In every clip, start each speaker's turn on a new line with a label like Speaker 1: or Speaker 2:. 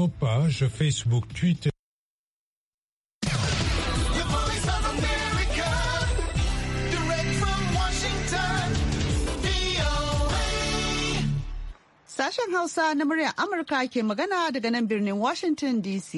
Speaker 1: nos pages Facebook, Twitter.
Speaker 2: Sashen Hausa na muryar Amurka ke magana daga nan birnin Washington DC.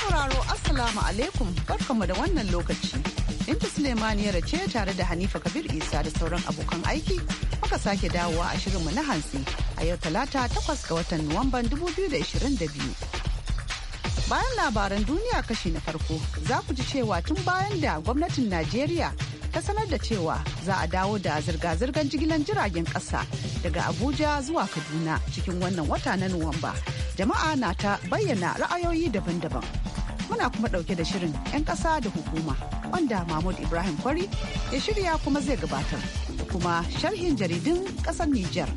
Speaker 2: Sauraro Assalamu alaikum barkanmu da wannan lokaci. Binta Suleiman ya race tare da Hanifa Kabir Isa da sauran abokan aiki muka sake dawowa a shirin mu na hantsi a yau talata takwas ga watan Nuwamban 2022. Bayan labaran duniya kashi na farko za ku ji cewa tun bayan da gwamnatin Najeriya ta sanar da cewa za a dawo da zirga-zirgar jigilan jiragen ƙasa daga Abuja zuwa Kaduna cikin wannan wata na Nuwamba. Jama'a na ta bayyana ra'ayoyi daban-daban. muna kuma ɗauke da shirin 'yan ƙasa da hukuma wanda mahmud ibrahim kwari ya shirya kuma zai gabatar da kuma sharhin jaridun ƙasar Nijar.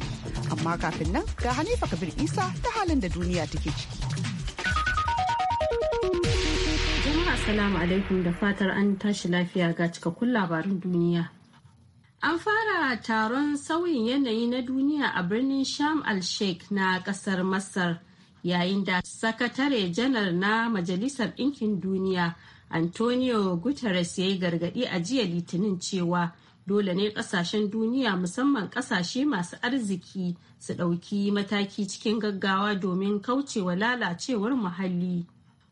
Speaker 2: amma kafin nan ga hanifa kabir isa ta halin da duniya take ciki jama'a salamu alaikum da
Speaker 3: fatar an tashi lafiya ga cikakkun labarin duniya An fara taron sauyin yanayi na duniya a birnin Sham al-Sheikh na kasar Masar yayin da sakatare janar na majalisar ɗinkin duniya antonio guterres ya yi gargaɗi a jiya litinin cewa dole ne ƙasashen duniya musamman ƙasashe masu arziki su ɗauki mataki cikin gaggawa domin kaucewa lalacewar muhalli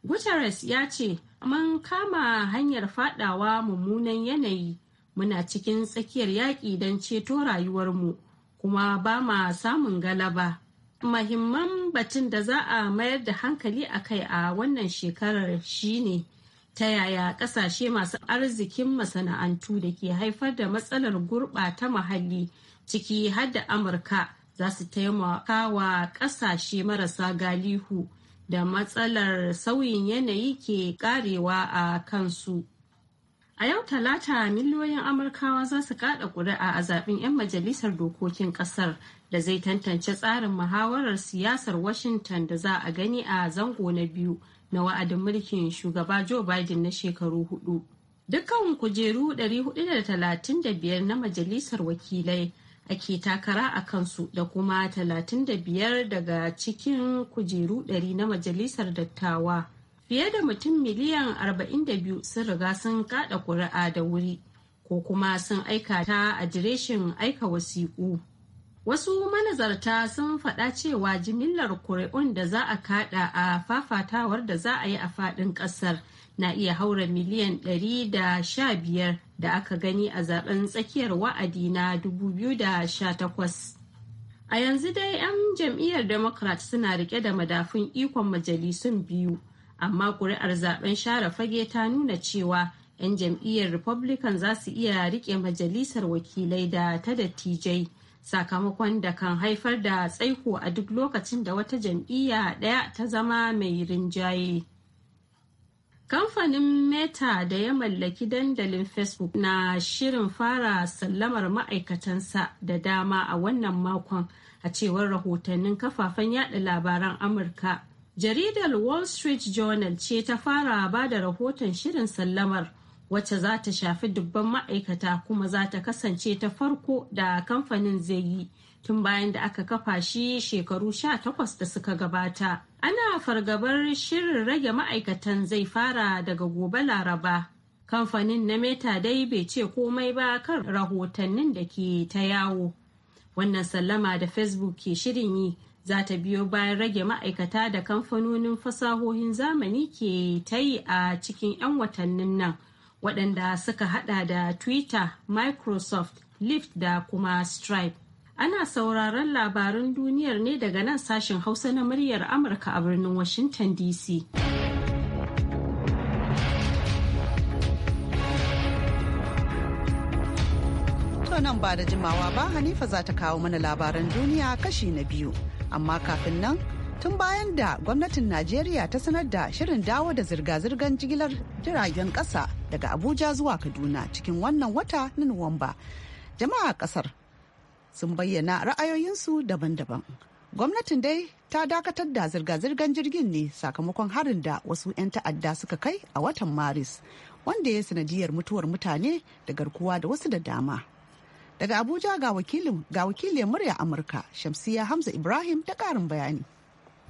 Speaker 3: guterres ya ce mun kama hanyar faɗawa mummunan yanayi muna cikin tsakiyar yaƙi don ceto rayuwarmu kuma ba ma samun galaba mahimman batun da za a mayar da hankali a kai a wannan shekarar shine ta yaya kasashe masu arzikin masana'antu da ke haifar da matsalar gurɓata muhalli ciki har da amurka za su taimaka wa kasashe marasa galihu da matsalar sauyin yanayi ke karewa a kansu a yau talata miliyoyin amurkawa za su kada kuri'a a zaɓin 'yan majalisar dokokin Ƙasar. da zai tantance tsarin muhawarar siyasar Washington da za a gani a zango na biyu na wa'adin mulkin shugaba Joe Biden na shekaru hudu. Dukkan kujeru 435 na majalisar wakilai ake takara a kansu da kuma 35 daga cikin kujeru 100 na majalisar dattawa. Fiye da mutum miliyan 42 sun riga sun kada kuri'a da wuri ko kuma sun aika ta adireshin aika wasiƙu. Wasu manazarta sun faɗa cewa jimillar kuri'un da za a kada a fafatawar da za a yi a faɗin ƙasar na iya haura miliyan 115 da aka gani a zaben tsakiyar wa'adi na 2018. A yanzu dai 'yan jam'iyyar Democrat suna rike da madafun ikon majalisun biyu, amma kuri'ar zaben share fage ta nuna cewa 'yan jam'iyyar Republican za su iya rike majalisar wakilai da ta dattijai. sakamakon da kan haifar da tsaiko a duk lokacin da wata jam'iyya ɗaya ta zama mai rinjaye. Kamfanin Meta da ya mallaki dandalin Facebook na shirin fara sallamar ma'aikatansa da dama a wannan makon a cewar rahotannin kafafen yada labaran Amurka. Jaridar Wall Street Journal ce ta fara ba da rahoton shirin sallamar wacce za ta shafi dubban ma'aikata kuma za ta kasance ta farko da kamfanin zai yi tun bayan da aka kafa shi shekaru sha takwas da suka gabata. Ana fargabar shirin rage ma'aikatan zai fara daga gobe Laraba. Kamfanin na Meta dai bai ce komai ba kan rahotannin da ke ta yawo. Wannan sallama da Facebook ke shirin yi za ta biyo bayan rage ma'aikata da kamfanonin fasahohin zamani ke ta yi a cikin 'yan watannin nan. waɗanda suka hada da Twitter, Microsoft, Lyft da kuma Stripe. Ana sauraron labarun duniyar ne daga nan sashen Hausa na muryar Amurka a birnin Washington DC.
Speaker 2: nan ba da jimawa ba Hanifa za ta kawo mana labaran duniya kashi na biyu, amma kafin nan tun bayan da gwamnatin najeriya ta sanar da shirin dawo da zirga-zirgar jigilar jiragen kasa daga abuja zuwa kaduna cikin wannan wata na nuwamba jama'a kasar sun bayyana ra'ayoyinsu daban-daban gwamnatin dai ta dakatar da zirga-zirgar jirgin ne sakamakon harin da wasu 'yan ta'adda suka kai a watan maris wanda ya sanadiyar mutuwar mutane da garkuwa da wasu da dama daga abuja ga wakilin murya amurka shamsiya hamza ibrahim da ƙarin bayani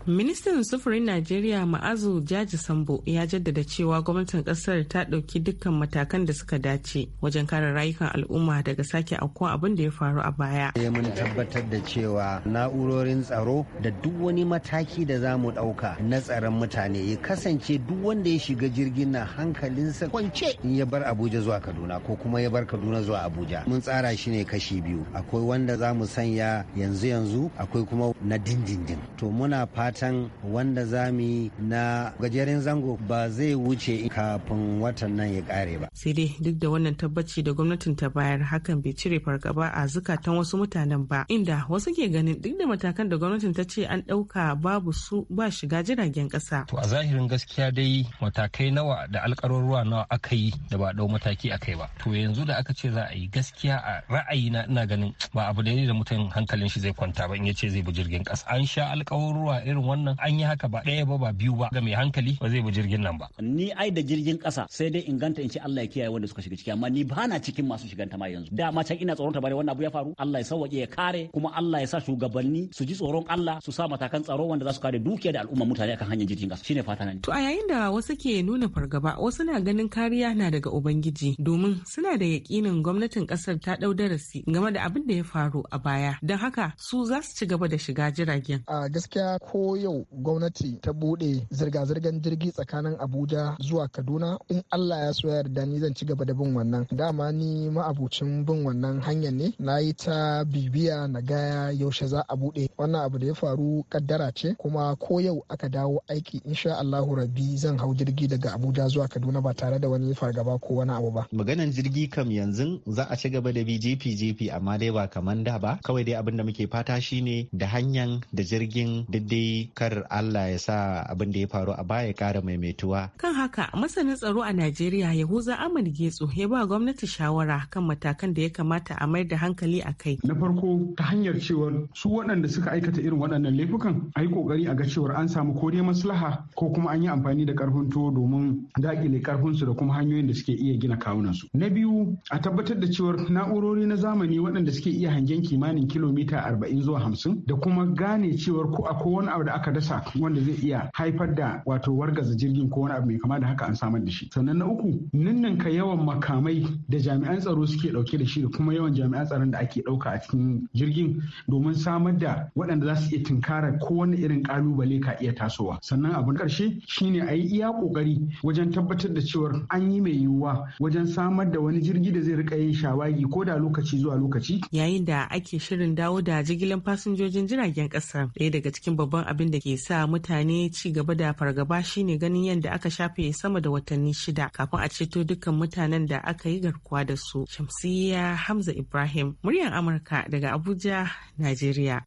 Speaker 2: ministan
Speaker 4: sufurin najeriya ma'azu jaji sambo ya jaddada cewa gwamnatin kasar ta ɗauki dukkan matakan da suka dace wajen kare rayukan al'umma daga sake aukuwa abin da ya faru a baya
Speaker 5: ya mun tabbatar da cewa na'urorin tsaro da duk wani mataki da za mu ɗauka na tsaron mutane ya kasance duk wanda ya shiga jirgin na hankalinsa kwance in ya bar abuja zuwa kaduna ko kuma ya bar kaduna zuwa abuja mun tsara shi ne kashi biyu akwai wanda za mu sanya yanzu yanzu akwai kuma na dindindin to muna fata can wanda za na gajeren zango ba zai wuce kafin watan nan ya kare
Speaker 4: ba. Sai dai duk da wannan tabbaci da gwamnatin ta bayar hakan bai cire fargaba a zukatan wasu mutanen ba inda wasu ke ganin duk da matakan da gwamnatin ta ce an ɗauka babu su ba shiga jiragen kasa. To a
Speaker 5: zahirin gaskiya dai matakai nawa da alƙarurruwa nawa aka yi da ba ɗau mataki akai ba. To yanzu da aka ce za a yi gaskiya a ra'ayi na ina ganin ba abu
Speaker 6: da da mutum hankalin shi zai kwanta ba in ya ce zai bi jirgin ƙasa. An sha alƙarurruwa irin irin wannan an yi haka ba ɗaya ba ba biyu ba ga mai hankali ba zai bi jirgin nan ba ni ai da jirgin ƙasa sai dai inganta in ce Allah ya kiyaye wanda suka shiga ciki amma ni ba na cikin masu shiganta ma yanzu ma can ina tsoron ta bare wannan abu ya faru Allah ya sauwaƙe ya kare kuma Allah ya sa shugabanni su ji tsoron Allah su sa matakan tsaro wanda za su kare dukiya da al'umma mutane akan hanyar jirgin ƙasa shine fata na
Speaker 4: to a yayin da wasu ke nuna fargaba wasu na ganin kariya na daga ubangiji domin suna da yakinin gwamnatin ƙasar ta ɗau darasi game da abin da ya faru a baya don haka su za su ci gaba da shiga jiragen
Speaker 7: gaskiya ko ko yau gwamnati ta bude zirga-zirgar jirgi tsakanin abuja zuwa kaduna in allah ya soya yarda ni zan ci gaba da bin wannan dama ni ma'abucin bin wannan hanyar ne na yi ta bibiya na gaya yaushe za a bude wannan abu da ya faru kaddara ce kuma ko yau aka dawo aiki insha allah rabi zan hau jirgi daga abuja zuwa kaduna ba tare da wani fargaba ko wani abu ba
Speaker 5: maganan jirgi kam yanzu za a ci gaba da bi amma dai ba kamar da ba kawai dai abin da muke fata shine da hanyar da jirgin daidai kar Allah ya sa abin da ya faru a baya kara maimaituwa.
Speaker 4: Kan haka masanin tsaro a Najeriya Yahuza Ahmad Getso ya ba gwamnati shawara kan matakan da ya kamata a mayar da hankali a kai. Na
Speaker 1: farko ta hanyar cewar
Speaker 4: su waɗanda suka aikata irin waɗannan laifukan a yi ƙoƙari a ga cewar an samu
Speaker 1: ko dai maslaha ko kuma an yi amfani da ƙarfin tuwo domin daƙile ƙarfinsu da kuma hanyoyin da suke iya gina kawunan su. Na biyu a tabbatar da cewar na'urori na zamani waɗanda suke iya hangen kimanin kilomita arba'in zuwa hamsin da kuma gane cewar ko akwai wani abu da aka dasa wanda zai iya haifar da wato wargaza jirgin ko wani abu mai kama da haka an samar da shi sannan na uku ninninka yawan makamai da jami'an tsaro suke dauke da shi da kuma yawan jami'an tsaron da ake dauka a cikin jirgin domin samar da waɗanda za su iya tunkarar wani irin kalubale ka iya tasowa sannan abin karshe shine a yi iya kokari wajen tabbatar da cewar an yi mai yiwuwa wajen samar da wani jirgi da zai rika yin shawagi ko da lokaci zuwa lokaci
Speaker 4: yayin da ake shirin dawo da jigilan fasinjojin jiragen kasa ɗaya daga cikin babban abin da ke sa mutane ci gaba da fargaba shine ganin yadda aka shafe sama da watanni shida kafin a ceto dukkan mutanen da aka yi garkuwa da su. Shamsiyya Hamza Ibrahim, muryar Amurka daga Abuja, Najeriya.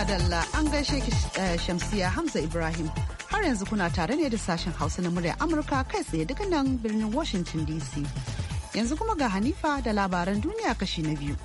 Speaker 2: Adalla an gaishe ki eh, Hamza Ibrahim. Har yanzu kuna tare ne da sashen Hausa na murya Amurka kai tsaye daga nan birnin Washington DC. Yanzu kuma ga Hanifa da labaran duniya kashi na biyu.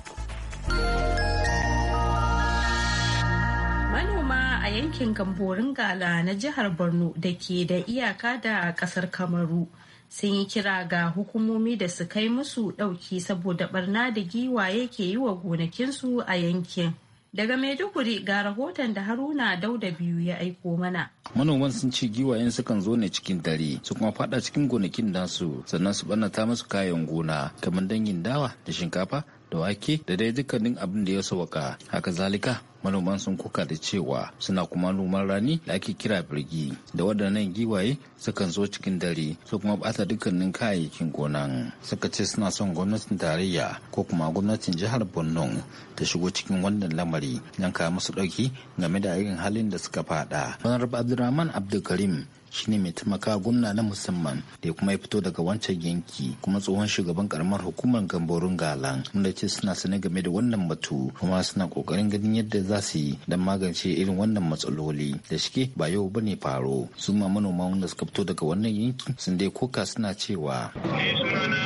Speaker 3: Manoma a yankin Gamborin Gala na jihar Borno da ke da iyaka da kasar Kamaru sun yi kira ga hukumomi da su kai musu ɗauki saboda barna da giwaye ke yi wa gonakinsu a yankin. Daga Maiduguri ga rahoton da Haruna Dauda biyu ya aiko mana.
Speaker 5: Manoman sun ci giwayen sukan zo ne cikin dare su kuma fada cikin gonakin nasu sannan su ɓannata musu kayan gona kamar dangin dawa da shinkafa da wake da dai dukkanin abin da ya sauka haka zalika manoman sun kuka da cewa suna kuma noman rani da ake kira birgi da waɗannan giwaye sukan zo cikin dare su kuma bata dukkanin kayayyakin gonan suka ce suna son gwamnatin tarayya ko kuma gwamnatin jihar borno ta shigo cikin wannan lamari don kawo musu ɗauki game da irin halin da suka fada. Honorable Abdulrahman Abdulkarim ne mai taimaka gwamna na musamman da kuma ya fito daga wancan yanki kuma tsohon shugaban karamar hukumar gamborun galan wanda ce suna sane game da wannan batu kuma suna kokarin ganin yadda za su yi don magance irin wannan matsaloli da shike ba yau ba ne faro su ma manoma wanda suka fito daga wannan yankin. sun dai koka suna cewa
Speaker 8: ni sunana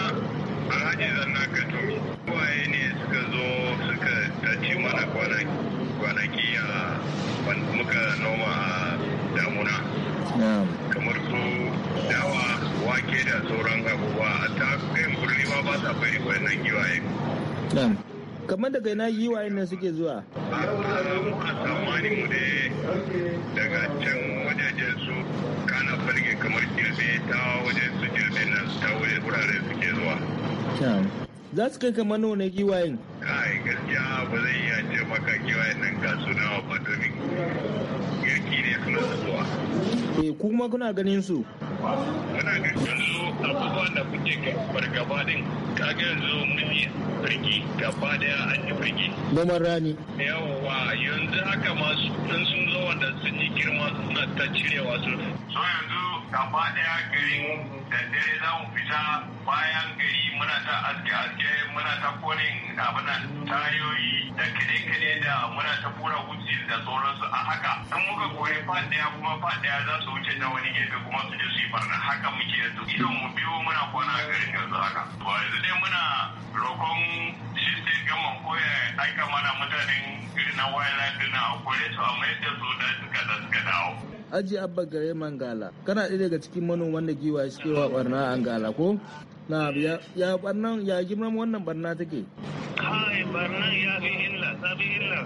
Speaker 8: alhaji waye ne a muka noma damuna kamar su dawa wake
Speaker 9: da sauran abubuwa ta ma ba sa bari wannan
Speaker 5: giwaye kamar daga ina giwaye nan suke zuwa
Speaker 9: tsammanin mu daga can
Speaker 8: wajajen su kana farge kamar jirgin ta wajen su jirbe nan ta wajen wurare suke zuwa
Speaker 7: za su
Speaker 5: kai kamar nuna giwayen
Speaker 8: kai gaskiya ba zai iya ce maka giwayen nan ga suna ba domin girki
Speaker 5: ne suna zuwa eh kuma kuna ganin su
Speaker 8: muna ga kallo abubuwan da muke fargaba din kaga yanzu mun
Speaker 9: yi firgi gaba
Speaker 5: daya an yi firgi gomar rani yawwa yanzu haka masu sun zo wanda
Speaker 9: sun yi girma suna ta cirewa su so yanzu gaba daya garin da dare za mu fita bayan gari muna ta aske aske muna ta konin abinan tayoyi da kade kade da muna ta bura wuce da sauransu a haka in muka koyi fad daya kuma fad za su wuce ta wani gefe kuma su je su yi barna haka muke yanzu idan mu biyo muna kwana a garin yanzu haka to yanzu dai muna roƙon shi sai gaman koya aika mana mutanen irin na wayar na akwai su a mayar su da suka
Speaker 5: da suka dawo aji abba gare mangala kana ɗaya daga cikin manoman wanda giwaye suke wa barna a angala ko na ya barnan ya girman wannan barna take
Speaker 9: kai barnan ya fi illa sabi illa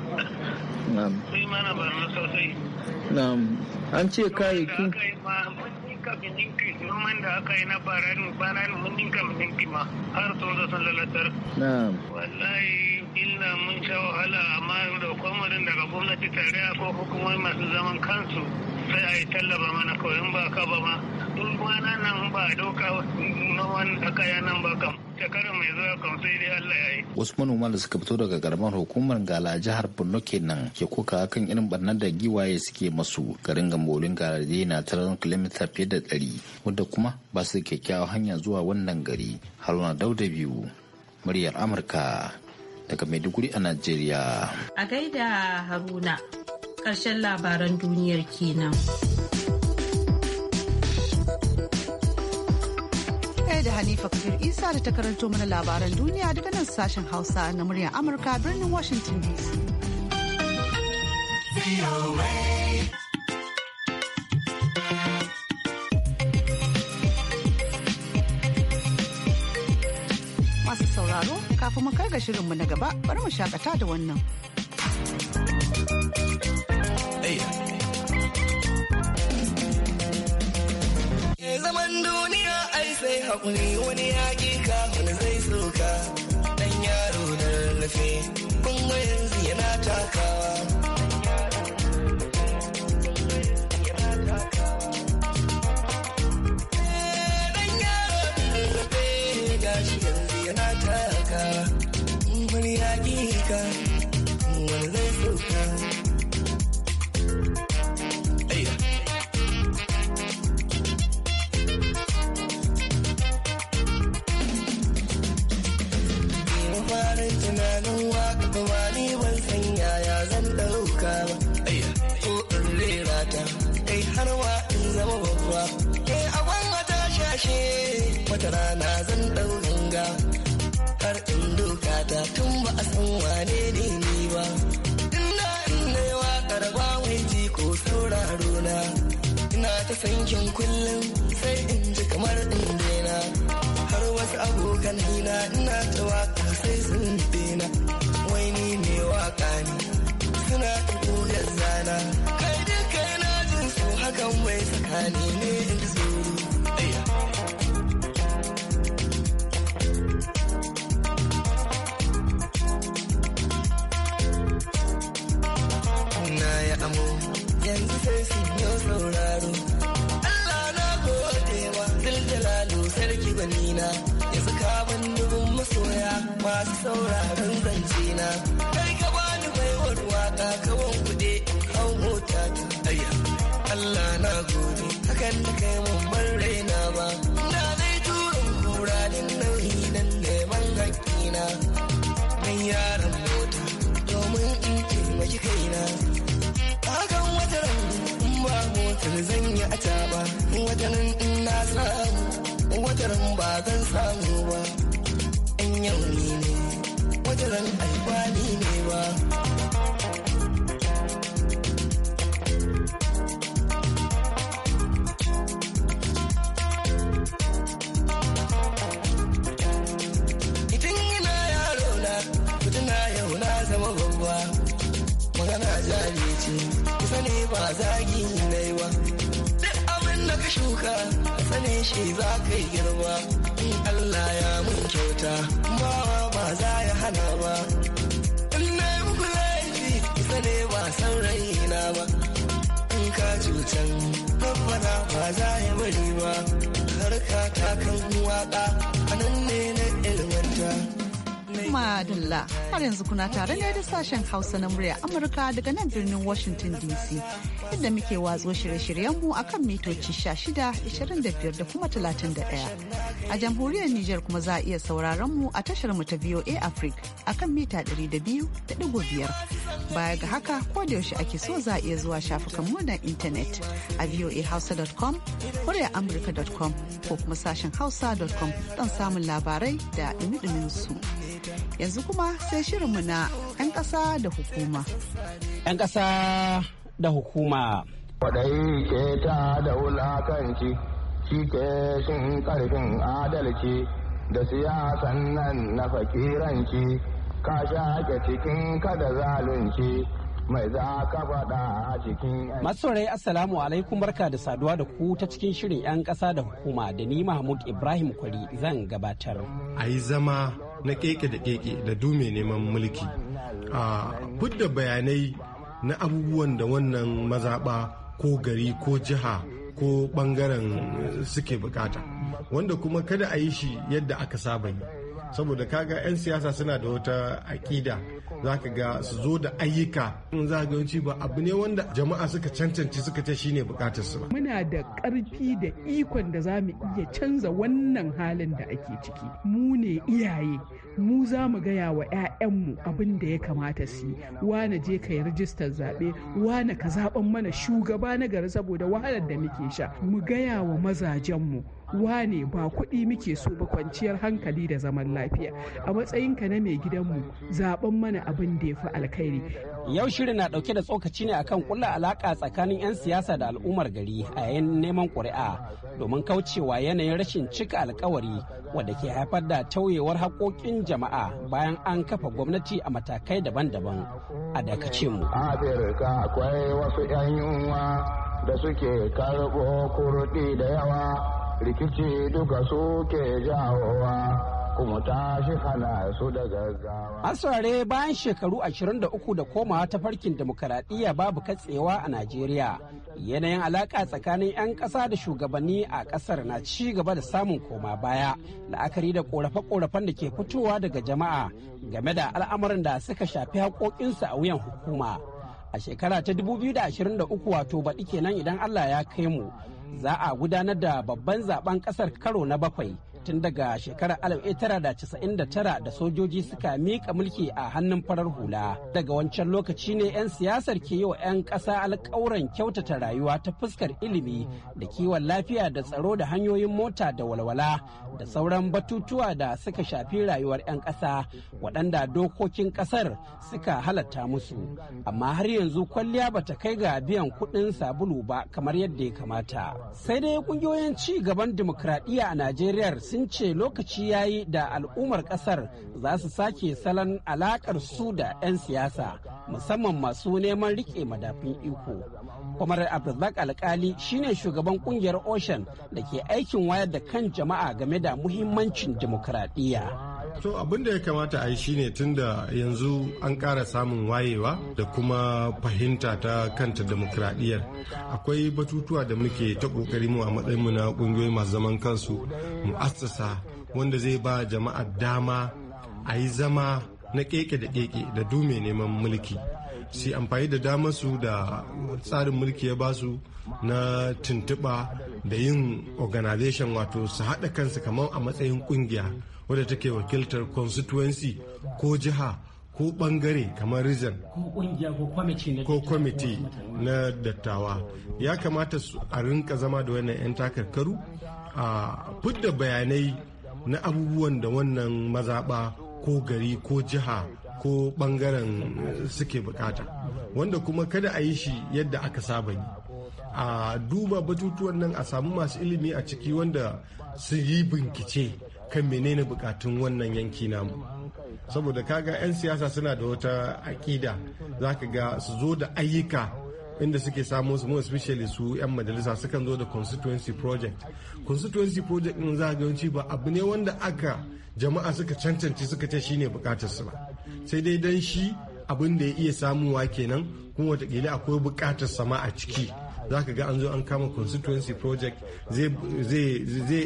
Speaker 9: na'am sai mana barna sosai
Speaker 5: na'am an ce kayayyakin kafin ninki noman da aka yi na baran
Speaker 8: baran mun ninka mun ninki ma har sun da sun lalatar
Speaker 5: wallahi illa mun sha wahala amma da kwamarin daga gwamnati tare tarayya
Speaker 8: ko hukumomi masu zaman kansu sai a yi tallaba mana kawai in ba ka ba ma in kwana nan ba a doka na wani kaya nan ba kam shekara mai zuwa kam sai
Speaker 5: dai Allah ya yi. Wasu manoma da suka fito daga garman hukumar Gala jihar Borno kenan ke koka kan irin barnar da giwaye suke masu garin Gambolin Garaje na taron kilomita fiye da ɗari wadda kuma ba su kyakkyawa hanya zuwa wannan gari Haruna Dauda biyu muryar Amurka daga Maiduguri a Najeriya.
Speaker 3: A gaida Haruna. ƙarshen labaran duniyar kenan.
Speaker 2: da Hanifa Kabir Isa da ta karanto mana labaran duniya daga nan sashen Hausa na muryar Amurka birnin Washington DC. masu sauraro kafin mu kai ga shirinmu na gaba bari mu shakata da wannan.
Speaker 8: sai haƙuri wani yaƙi ka wani zai soka ɗan yaro na lallafe kuma yanzu yana takawa kullum sai in ji kamar in har wasu abokan hina ina ta waka sai sun daina wai ni ne waka ne suna ƙoƙar zana kai duka na jin su hakan wai tsakani ne in ji tsoro Na yi amo yanzu sai sun yi sauraro lalo sarki zanina yanzu ka ban dubin masoya masu sauraron zance na kai ka bani baiwar waka kawan kuɗe hau mota ta Allah na gode hakan da kai mun raina ba na zai turin kura din nauyi dan neman hakkina dan yaran mota domin in taimaki kaina A wata ran in ba motar zan yi a taba wata nan in na samu wajen ba zan samu ba in yau ne wajen alfani ne ba jari magana kusa ne ba zagi na yi wa duk abin da ka shuka shi za ka yi girma in Allah ya mun kyauta bawa ba za ya hana ba in na yi muku laifi isa ne ba san raina ba in ka cutan babbana ba za ya bari ba harka ta kan waka a nan ne na ilmanta
Speaker 2: Madalla har yanzu kuna tare ne da sashen Hausa na murya Amurka daga nan birnin Washington DC inda muke watso shirye-shiryenmu a kan mitoci 16-25 da kuma 31. A jamhuriyar Nijar kuma za a iya sauraron mu a tashar mu ta VOA Africa a kan mita 200.5. Baya ga haka ko da yaushe ake so za a iya zuwa shafukan mu na intanet a voahausa.com, muryaamurka.com ko kuma sashen hausa.com don samun labarai da dumi su. Yanzu kuma sai shirinmu na 'yan ƙasa da hukuma. 'Yan ƙasa
Speaker 6: da hukuma. Kwaɗayi ke ta da wulakanci, shi
Speaker 9: ke sun ƙarfin adalci da siyasan nan na fakiranci, ka shaƙe cikin kada zalunci. mai za ka faɗa
Speaker 6: a cikin assalamu alaikum barka da saduwa da ku ta cikin shirin 'yan ƙasa da hukuma da ni mahmud ibrahim kwari zan gabatar
Speaker 1: a yi zama na keke da keke da dume neman mulki a fudda bayanai na abubuwan da wannan mazaɓa ko gari ko jiha ko ɓangaren suke bukata wanda kuma kada a yi shi yadda aka saba yi saboda kaga 'yan siyasa suna da wata aƙida za ka ga su zo da ayyuka in za ga yawanci ba abu ne wanda jama'a suka cancanci suka ce shine bukatar su ba
Speaker 7: muna da karfi da ikon da za mu iya canza wannan halin da ake ciki mu ne iyaye mu za mu gaya wa 'ya'yanmu abin da ya kamata su yi wane je ka yi rijistar zaɓe wane ka zaɓen mana shugaba na gari saboda wahalar da muke sha mu gaya wa mazajenmu wane ba kuɗi muke so ba kwanciyar hankali da zaman lafiya a matsayinka na mai gidanmu zaɓen mana abin da ya fi alkhairi. Yau shirin na ɗauke da tsokaci ne akan
Speaker 6: kulla alaka tsakanin 'yan siyasa da al'ummar gari a yayin neman ƙuri'a domin kaucewa yanayin rashin cika alkawari wadda ke haifar da tauyewar haƙoƙin jama'a bayan an kafa gwamnati a matakai daban-daban a dakacin mu.
Speaker 9: Afirka akwai wasu 'yan yunwa da suke karɓo kurɗi da yawa
Speaker 6: rikici duka suke jawowa. kuma tashi hana su da gaggawa. Asare bayan shekaru 23 da komawa ta farkin demokaradiyya babu katsewa a Najeriya. Yanayin alaka tsakanin 'yan ƙasa da shugabanni a ƙasar na ci gaba da samun koma baya. La'akari da ƙorafe-ƙorafen da ke fitowa daga jama'a game da al'amarin da suka shafi haƙoƙinsu a wuyan hukuma. A shekara ta 2023 wato baɗi kenan idan Allah ya kai mu. Za a gudanar da babban zaben ƙasar karo na bakwai. tun daga shekarar 1999 da sojoji suka miƙa mulki a hannun farar hula daga wancan lokaci ne 'yan siyasar ke yi wa 'yan ƙasa alƙawuran kyautata rayuwa ta fuskar ilimi da kiwon lafiya da tsaro da hanyoyin mota da walwala da sauran batutuwa da suka shafi rayuwar 'yan ƙasa waɗanda dokokin ƙasar suka halatta musu amma har yanzu kwalliya bata kai ga biyan kuɗin sabulu ba kamar yadda ya kamata sai dai ƙungiyoyin ci gaban dimokuraɗiyya a najeriya sun ce lokaci ya yi da al'ummar kasar za su sake salon alakar su da 'yan siyasa musamman masu neman rike madafin iko kwamar abdulbak alkali shine shugaban kungiyar ocean da ke aikin wayar da kan jama'a game da muhimmancin dimokuraɗiyya. To abin da ya kamata a
Speaker 1: yi shine tun da yanzu an kara samun wayewa da kuma fahimta ta kanta demokradiyyar. Akwai batutuwa da muke ta kokari mu a matsayin matsayinmu na kungiyoyi masu zaman kansu mu assasa wanda zai ba jama'a dama a yi zama na keke da keke da dume neman mulki. su amfani da damar su da tsarin mulki ya basu na tuntuɓa da yin organization wato su haɗa kansu kamar a matsayin ƙungiya wadda take wakiltar constituency ko jiha ko bangare kamar region ko kwamiti na dattawa ya kamata su a rinka zama da wannan 'yan takarkaru a fidda bayanai na abubuwan da wannan mazaɓa ko gari ko jiha ko bangaren eh, suke bukata wanda kuma kada a yi shi yadda aka saba yi a duba batutuwan nan a samu masu ilimi a ciki wanda su yi bincike kan menene bukatun wannan yanki namu saboda kaga 'yan siyasa suna da wata aƙida za ka ga su zo da ayyuka inda suke samu su mu especially su 'yan majalisa sukan zo da constituency project constituency project in za yawanci ba abu ne wanda aka jama'a suka cancanci suka ce shine bukatar su ba sai dai dan shi abin da ya iya samuwa kenan kuma watakila akwai bukatar sama a ciki za ka ga an zo an kama constituency project zai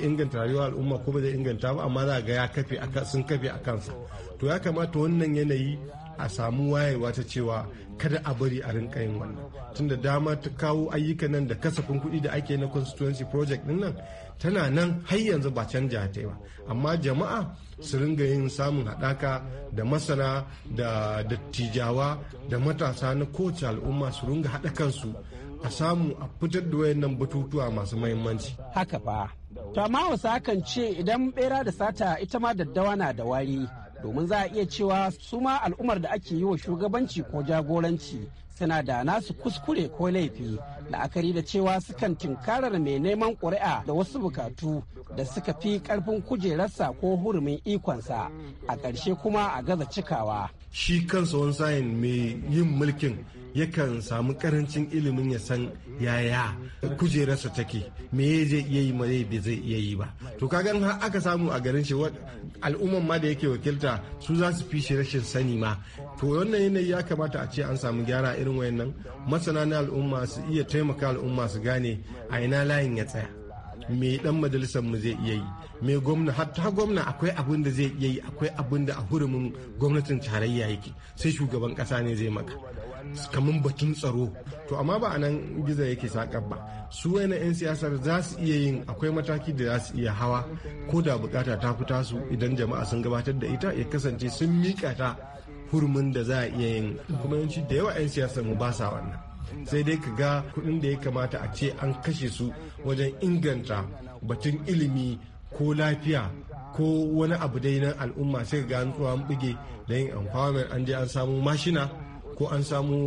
Speaker 1: inganta rayuwar al'umma ko ba zai inganta ba amma za ga ya kafe sun kafe a kansa to ya kamata wannan yanayi a samu wayewa ta cewa kada a bari a rinka wannan tunda dama ta kawo ayyukan nan da kasafin kuɗi da ake na constituency project din nan tana nan har yanzu ba canja ta ba amma jama'a su ringa yin samun haɗaka da masana da dattijawa da matasa na kowace al'umma su ringa haɗa
Speaker 6: kansu a samu a fitar da wayannan batutuwa masu mahimmanci. Haka fa. To amma wasu ce idan bera da sata ita ma daddawa na da wari domin za a iya cewa su ma al'ummar da ake yi wa shugabanci ko jagoranci suna da nasu kuskure ko laifi la'akari da cewa sukan tinkarar mai neman ƙuri'a da wasu bukatu da suka fi ƙarfin kujerarsa ko hurumin ikonsa a ƙarshe kuma a gaza cikawa
Speaker 1: shi kansa wani sayin mai yin mulkin yakan samu karancin ilimin ya san yaya kujerarsa take me zai iya yi mai bai zai iya yi ba to kaga har aka samu a garin shi al'umman ma da yake wakilta su za su fi shi rashin sani ma to wannan yanayi ya kamata a ce an samu gyara irin irin wayannan masana na al'umma su iya taimaka al'umma su gane a ina layin ya tsaya me dan majalisar mu zai iya yi me gwamna hatta gwamna akwai abin da zai iya yi akwai abin da a hurumin gwamnatin tarayya yake sai shugaban kasa ne zai maka kamar batun tsaro to amma ba a nan gizo yake sakar ba su wani 'yan siyasar za su iya yin akwai mataki da za su iya hawa ko da bukata ta fita su idan jama'a sun gabatar da ita ya kasance sun mika ta hurumin da za a iya yin kuma yanci da yawa 'yan siyasar mu ba sa wannan sai dai ka ga kuɗin da ya kamata a ce an kashe su wajen inganta batun ilimi ko lafiya ko wani abu dai na al'umma sai ga an tsohon an buge da yin empowerment an je an samu mashina ko an samu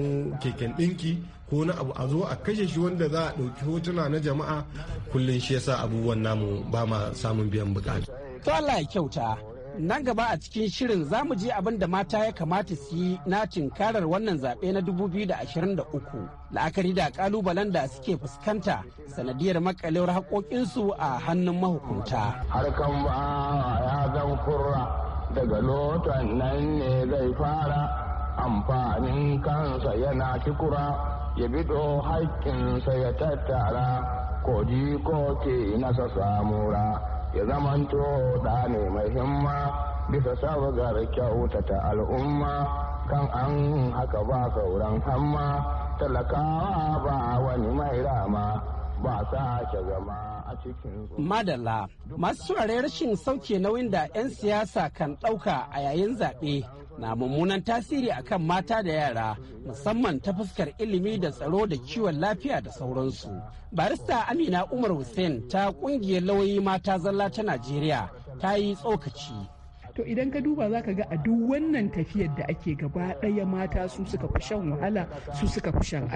Speaker 1: keken ɗinki ko wani abu a zo a kashe shi wanda za a ɗauki hotuna na jama'a kullum shi yasa abubuwan namu
Speaker 6: ba ma samun biyan bukatu. To Allah ya kyauta. Nan gaba a cikin shirin za mu je abin da mata ya kamata su yi na tinkarar wannan zaɓe na 2023 la'akari da ƙalubalen da suke fuskanta sanadiyar makalewar haƙoƙinsu a hannun mahukunta.
Speaker 9: Harkan ba ya zan kurra daga lotan nan ne zai fara amfanin kansa yana kikura ya bido haƙƙinsa ya tattara ko ke nasa samura. ya zamanto da ne mai himma bisa sabgar ta al'umma kan an haka ba sauran hamma talakawa ba wani mai rama ba sa zama.
Speaker 6: Madala masu turare rashin sauke nauyin da 'yan siyasa kan ɗauka a yayin zaɓe na mummunan tasiri akan mata da yara musamman ta fuskar ilimi da tsaro da kiwon lafiya da sauransu. Barista Amina Umar Hussein ta ƙungiyar lauyi mata zalla ta Najeriya ta yi
Speaker 7: tsokaci. to idan ka duba za ka ga a duk wannan tafiyar da ake gaba ɗaya mata su suka fi shan wahala su suka fi shan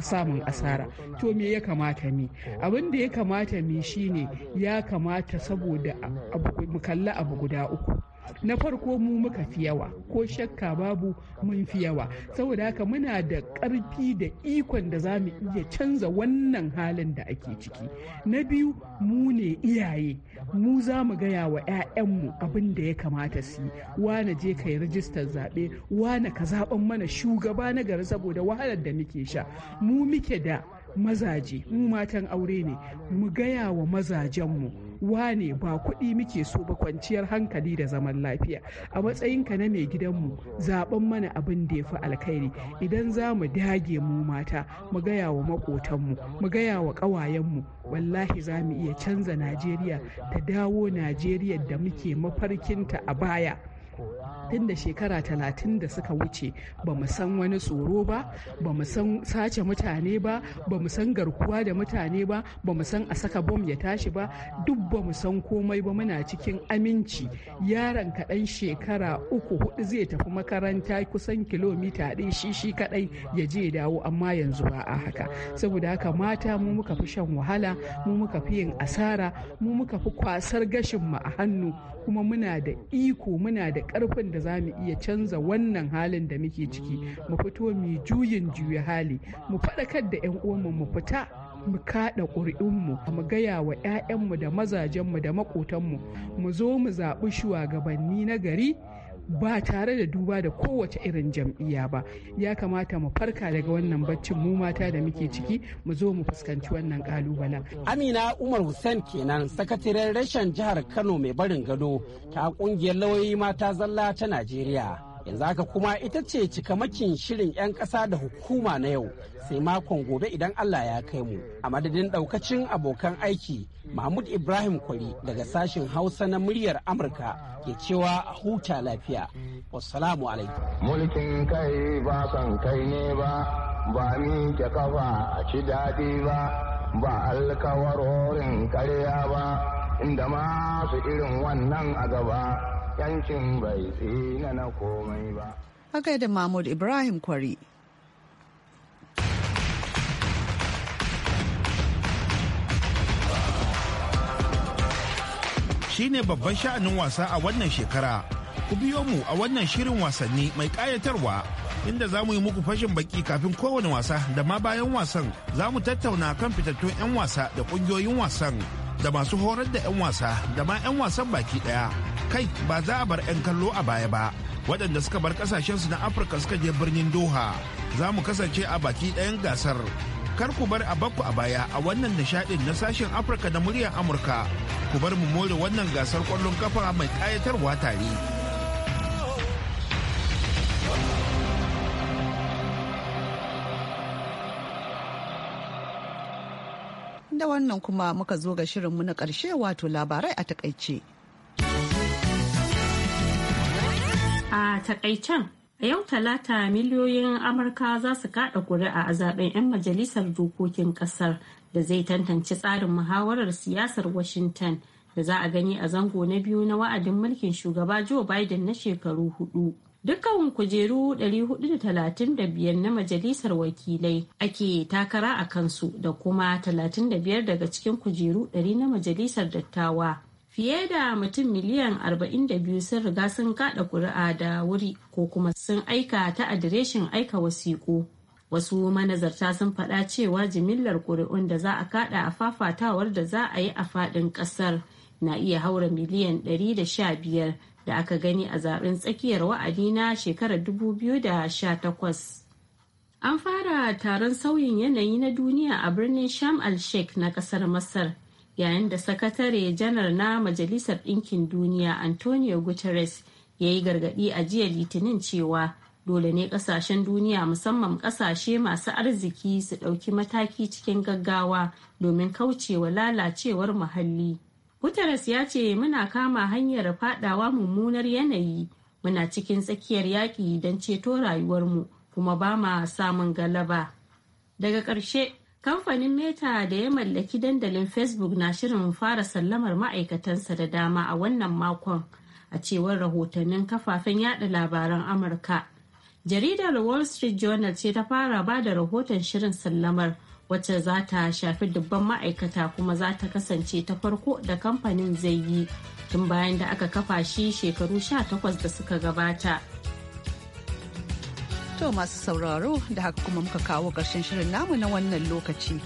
Speaker 7: samun asara to me ya kamata mi abin da ya kamata mi shine ya kamata saboda mu kalla abu guda uku na farko mu muka fi yawa ko shakka babu mun fi yawa saboda haka muna da ƙarfi da ikon da za mu iya canza wannan halin da ake ciki na biyu mu ne iyaye mu za mu gaya wa 'ya'yanmu abin da ya kamata su yi wane je ka yi rajistar zaɓe wane ka zaɓen mana shugaba na gari saboda wahalar da muke sha mu muke da mazaje mu matan aure ne mu gaya wa mazajenmu wane ba kuɗi muke so ba kwanciyar hankali da zaman lafiya a matsayinka na mai gidanmu zaben mana abin da ya fi alkhairi idan za mu dage mu mata mu gaya wa makotanmu mu gaya wa ƙawayenmu wallahi za mu iya canza najeriya ta dawo najeriya da muke mafarkinta a baya tun da shekara talatin da suka wuce ba mu san wani tsoro ba ba mu san sace mutane ba ba mu san garkuwa da mutane ba ba mu san a saka bom ya tashi ba duk ba mu san komai ba muna cikin aminci yaron kaɗan shekara uku hudu zai tafi makaranta kusan kilomita ɗaya shi shi kaɗai ya je dawo amma yanzu ba a haka saboda haka mata mu muka fi shan wahala mu muka fi yin asara mu muka fi kwasar gashin mu a hannu kuma muna da iko muna da ƙarfin da za mu iya canza wannan halin da muke ciki mu fito mu juyin juya hali mu faɗakar da 'yan uwanmu mu fita mu kaɗa ƙuri'unmu mu gaya wa 'ya'yanmu da mazajenmu da maƙotanmu mu zo mu zaɓi shugabanni na gari ba tare da duba da kowace irin jam'iyya ba ya kamata mu farka daga wannan baccin mu mata da muke ciki mu zo mu fuskanci wannan kalubalen
Speaker 6: amina umar hussein kenan sakataren rashin jihar kano mai barin gado ta kungiyar lauyoyi mata zalla ta najeriya yanzu haka kuma ita ce cikamakin shirin 'yan ƙasa da hukuma na yau sai makon gobe idan allah ya kai mu a madadin daukacin abokan aiki mahmud ibrahim kwari daga sashen hausa na muryar amurka ke cewa a huta lafiya wassalamu alaikum
Speaker 9: mulkin kai ba son kai ne ba ba mi ke kafa a ci daɗi ba ba alkawarorin karya ba inda masu irin wannan a gaba yancin bai tsina na komai ba.
Speaker 2: Haka da Mahmud Ibrahim Kwari.
Speaker 1: Shi ne babban sha'anin wasa a wannan shekara. Ku biyo mu a wannan shirin wasanni mai ƙayatarwa inda za mu yi muku fashin baki kafin kowane wasa da ma bayan wasan za mu tattauna kan fitattun 'yan wasa da ƙungiyoyin wasan da masu horar da 'yan wasa da ma 'yan wasan baki ɗaya. kai ba za a bar 'yan kallo a baya ba waɗanda suka bar kasashensu na afirka suka je birnin doha za mu kasance a baki ɗayan gasar kar ku bar a bakku a baya a wannan nishaɗin na sashen afirka da muryar amurka ku bar mu more wannan gasar ƙwallon kafa mai ƙayatarwa tare
Speaker 2: da wannan kuma muka zo ga shirinmu na ƙarshe wato labarai a takaice. A
Speaker 3: takaicen, a yau talata miliyoyin Amurka za su kaɗa ƙuri'a a zaben 'yan majalisar dokokin ƙasar da zai tantance tsarin muhawarar siyasar Washington da za a gani a zango na biyu na wa'adin mulkin shugaba Joe Biden na shekaru hudu. Dukkan kujeru 435 na majalisar wakilai ake takara a kansu da kuma 35 daga cikin kujeru 100 na majalisar dattawa. fiye da mutum miliyan 42 sun riga sun kada kuri'a da wuri ko kuma sun aika ta adireshin aika wasiƙu wasu manazarta sun faɗa cewa jimillar kuri'un da za a kada a fafatawar da za a yi a faɗin ƙasar na iya haura miliyan 115 da aka gani a zaben tsakiyar wa'adi na shekarar 2018 an fara taron sauyin yanayi na duniya a birnin sham al-sheikh na kasar masar yayin da sakatare janar na majalisar ɗinkin duniya antonio guterres ya yi gargaɗi a jiya litinin cewa dole ne ƙasashen duniya musamman ƙasashe masu arziki su ɗauki mataki cikin gaggawa domin kaucewa lalacewar muhalli guterres ya ce muna kama hanyar faɗawa mummunar yanayi muna cikin tsakiyar yaƙi don ceto rayuwarmu kuma ba ma samun galaba daga ƙarshe Kamfanin Meta da ya mallaki dandalin Facebook na shirin fara sallamar ma'aikatansa da dama a wannan makon a cewar rahotannin kafafen yada labaran Amurka. Jaridar Wall Street Journal ce ta fara ba da rahoton shirin sallamar wacce za ta shafi dubban ma'aikata kuma za ta kasance ta farko da kamfanin zai yi tun bayan da aka kafa shi shekaru 18 da suka gabata.
Speaker 2: To masu sauraro da haka kuma muka kawo ƙarshen shirin namu na wannan lokaci.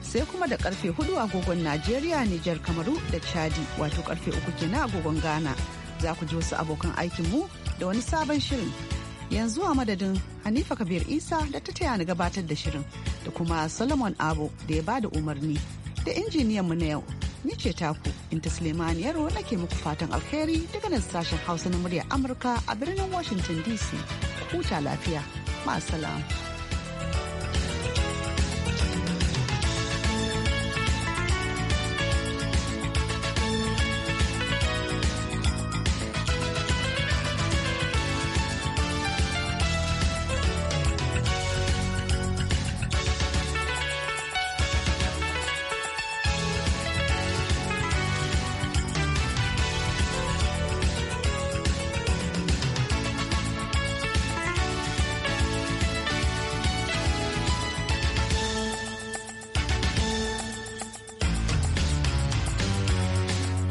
Speaker 2: Sai kuma da karfe hudu agogon Najeriya, Nijar, Kamaru da Chadi wato karfe uku kenan agogon Ghana. Za ku ji wasu abokan aikinmu da wani sabon shirin. Yanzu a madadin Hanifa Kabir Isa da ta taya ni gabatar da shirin da kuma Solomon Abo da ya bada umarni da injiniyan mu na yau. Ni ce taku Inta Suleiman Yaro nake muku fatan alheri daga nan sashen Hausa na muryar Amurka a birnin Washington DC. huta lafiya. Ma'asalam.